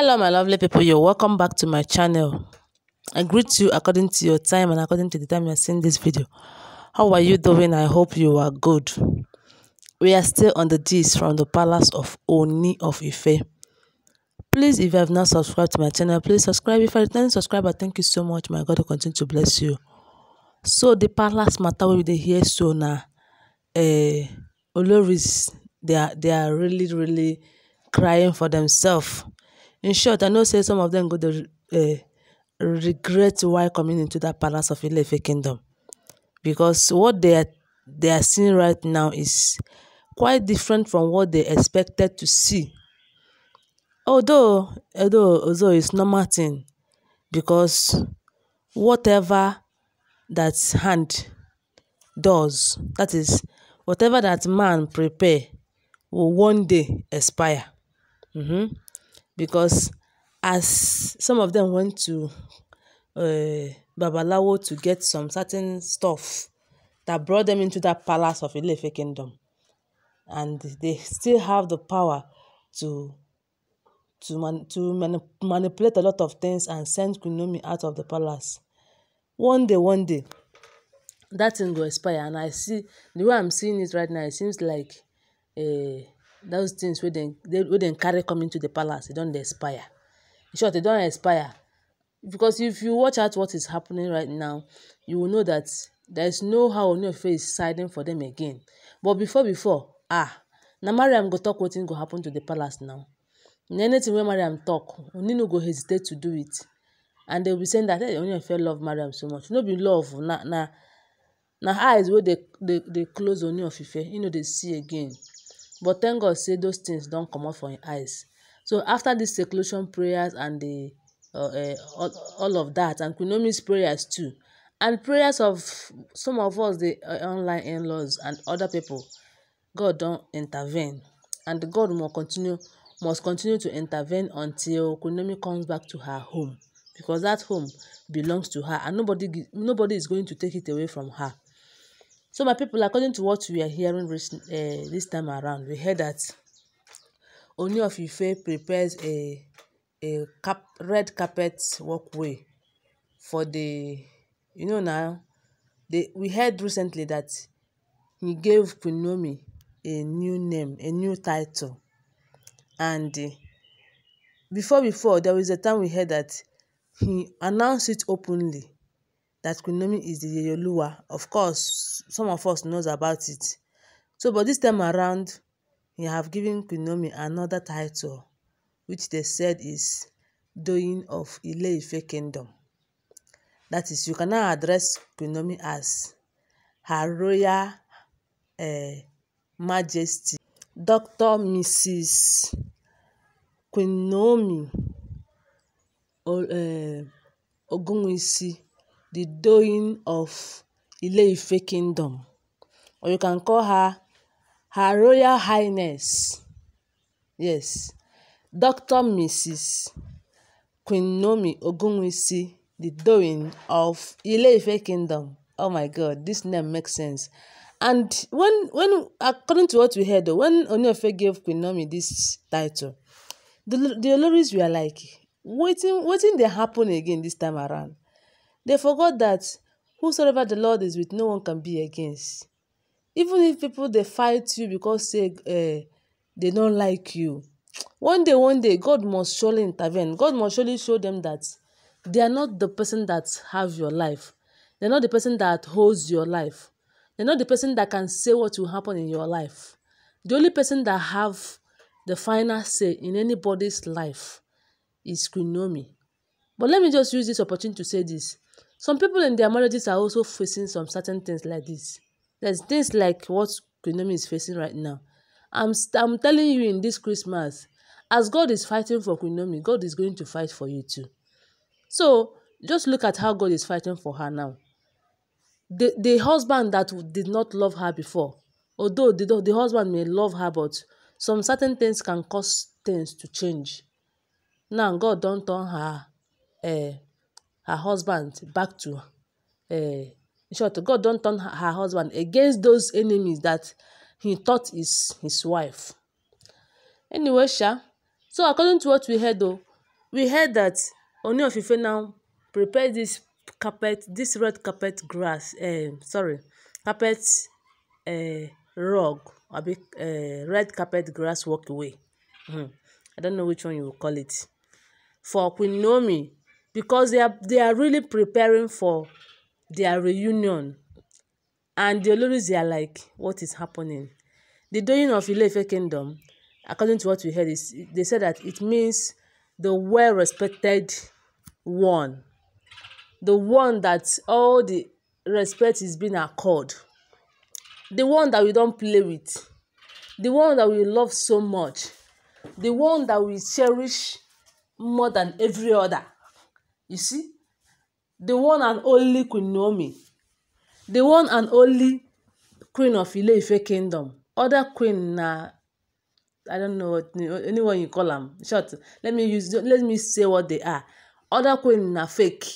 hello my lovely people you're welcome back to my channel i greet you according to your time and according to the time you're seeing this video how are you doing i hope you are good we are still on the gist from the palace of oni of ife please if you have not subscribed to my channel please subscribe if you're a returning subscriber thank you so much my god will continue to bless you so the palace matter will be here soon. Now, uh, eh, oloris they are they are really really crying for themselves in short, I know say some of them go to uh, regret why coming into that palace of Ilefe kingdom. Because what they are, they are seeing right now is quite different from what they expected to see. Although, although, although it's normal thing, because whatever that hand does, that is, whatever that man prepare will one day expire. Mm -hmm because as some of them went to uh, eh, Babalawo to get some certain stuff that brought them into that palace of Ilefe kingdom. And they still have the power to to, man, to manipulate a lot of things and send Kunomi out of the palace. One day, one day, that thing will expire. And I see, the way I'm seeing it right now, it seems like a eh, those things wey dem wey dem carry come into the palace e don dey expire in short e don expire because if you watch out what is happening right now you will know that there is no how Oniofe is siding for them again but before before ah na Mariam go talk wetin go happen to the palace now na anything wey Mariam talk Oni no go hesitate to do it and they will be saying that hey, Oniofe love Mariam so much no be love na na na eyes wey dey dey dey close Ooni of Ife no dey see again But thank God say those things don comot for your eyes. So after this seclusion prayers and the uh, uh, all, all of that and Queen prayers too and prayers of some of us the uh, online in-laws and other people God don intervene and God must continue must continue to intervene until Queen comes back to her home because that home belongs to her and nobody nobody is going to take it away from her so my people, according to what we are hearing this, uh, eh, this time around, we heard that Ooni of Ife prepares a a cap, red carpet walkway for the you know now the we heard recently that he gave Kunomi a new name, a new title, and uh, before before there was a time we heard that he announced it openly that Queen is the Yeyeoluwa. Of course, some of us knows about it. So, but this time around, he have given Queen another title, which they said is Doyin of ile Kingdom. That is, you can now address Queen as Her Royal uh, Majesty, Dr. Mrs. Queen Naomi uh, eh, Ogunwusi the doing of Ile-Ife Kingdom, or you can call her Her Royal Highness, yes, Dr. Mrs. Queen Naomi Ogunwusi, the doing of Ile-Ife Kingdom. Oh my God, this name makes sense. And when, when according to what we heard, when Oniofe gave Queen Naomi this title, the, the Oloris were like, waiting, waiting they happen again this time around. They forgot that whosoever the Lord is with, no one can be against. Even if people they fight you because say uh, they don't like you, one day, one day, God must surely intervene. God must surely show them that they are not the person that have your life. They're not the person that holds your life. They're not the person that can say what will happen in your life. The only person that have the final say in anybody's life is Queen But let me just use this opportunity to say this. Some people in their marriages are also facing some certain things like this. There's things like what Koinomi is facing right now. I'm, I'm telling you in this Christmas, as God is fighting for Koinomi, God is going to fight for you too. So just look at how God is fighting for her now. The, the husband that did not love her before, although the, the husband may love her, but some certain things can cause things to change. Now God don't turn her uh, her husband back to, uh, in short, God don't turn her husband against those enemies that he thought is his wife. Anyway, Sha, so according to what we heard, though, we heard that Ooni of now prepared this carpet, this red carpet grass, uh, sorry, carpet uh, rug, a big uh, red carpet grass walkway. Hmm. I don't know which one you call it. For Queen Naomi because they are they are really preparing for their reunion and the Oloris they are like what is happening the doing of ile kingdom according to what we heard is they said that it means the well respected one the one that all the respect is being accorded the one that we don't play with the one that we love so much the one that we cherish more than every other You see? The one and only Queen Naomi. The one and only Queen of Ile-Ife Kingdom. Other queen na I don't know what anyone you call them. Short. Let me use let me say what they are. Other queen are fake.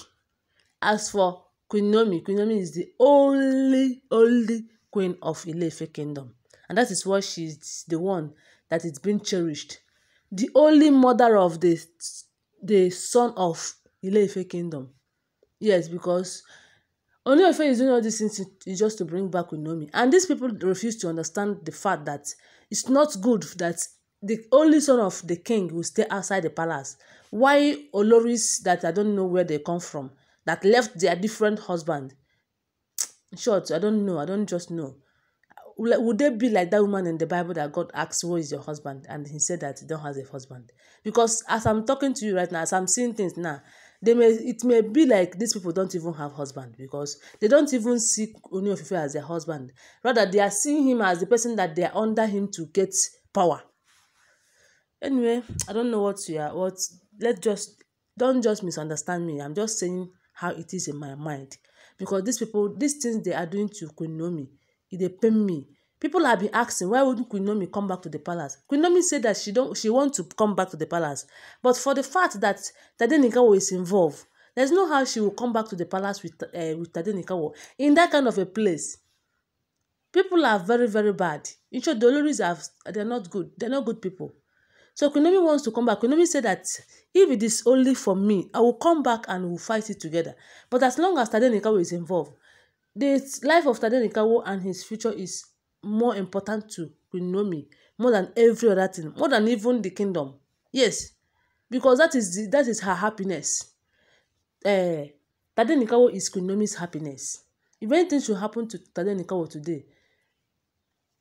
As for Queen Naomi, Queen Naomi is the only only queen of Ile-Ife Kingdom. And that is why she's the one that is being cherished. The only mother of the the son of Ile-Ife kingdom. Yes, because only of Ife is doing all these things is just to bring back Unomi. And these people refuse to understand the fact that it's not good that the only son of the king will stay outside the palace. Why Oloris that I don't know where they come from, that left their different husband? In short, I don't know. I don't just know. Would they be like that woman in the Bible that God asked, Who is your husband? And he said that he don't have a husband. Because as I'm talking to you right now, as I'm seeing things now, they may it may be like these people don't even have husband because they don't even see Ooni of as their husband rather they are seeing him as the person that they are under him to get power anyway i don't know what you are what let just don't just misunderstand me i'm just saying how it is in my mind because these people these things they are doing to Queen Naomi e dey pain me People have been asking why wouldn't Queen Nomi come back to the palace? Queen Nomi said that she don't she wants to come back to the palace, but for the fact that Tadenikawo is involved, there's no how she will come back to the palace with uh, with Tadenikawo in that kind of a place. People are very very bad. In short, the Oloris are they're not good. They're not good people. So Queen wants to come back. Queen said that if it is only for me, I will come back and we'll fight it together. But as long as Tadenikawo is involved, the life of Tadenikawo and his future is more important to Kunomi more than every other thing, more than even the kingdom. Yes, because that is the, that is her happiness. Uh, eh, Tade Nikawo is Kunomi's happiness. If anything should happen to Tade Nikawo today,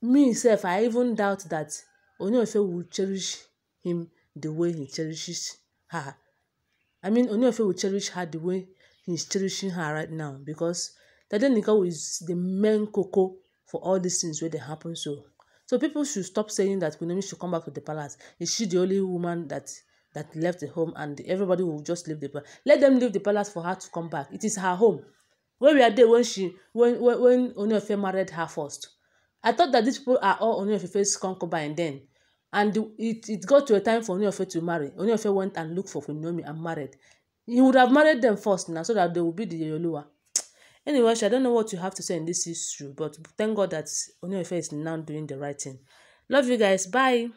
me self, I even doubt that Onyefe will cherish him the way he cherishes her. I mean, Onyefe will cherish her the way he's cherishing her right now because Tade Nikawo is the main coco for all these things wey dey happen so so people should stop saying that Queen should come back to the palace is she the only woman that that left the home and everybody will just leave the palace let them leave the palace for her to come back it is her home where we are there when she when when, when Oniofe married her first I thought that these people are all Oniofefe's concubine then and it it got to a time for Oniofe to marry Oniofe went and looked for Queen and married he would have married them first na so that they would be the Yeyoluwa Anyway, I don't know what you have to say in this issue, but thank God that Onyefe is now doing the right thing. Love you guys. Bye.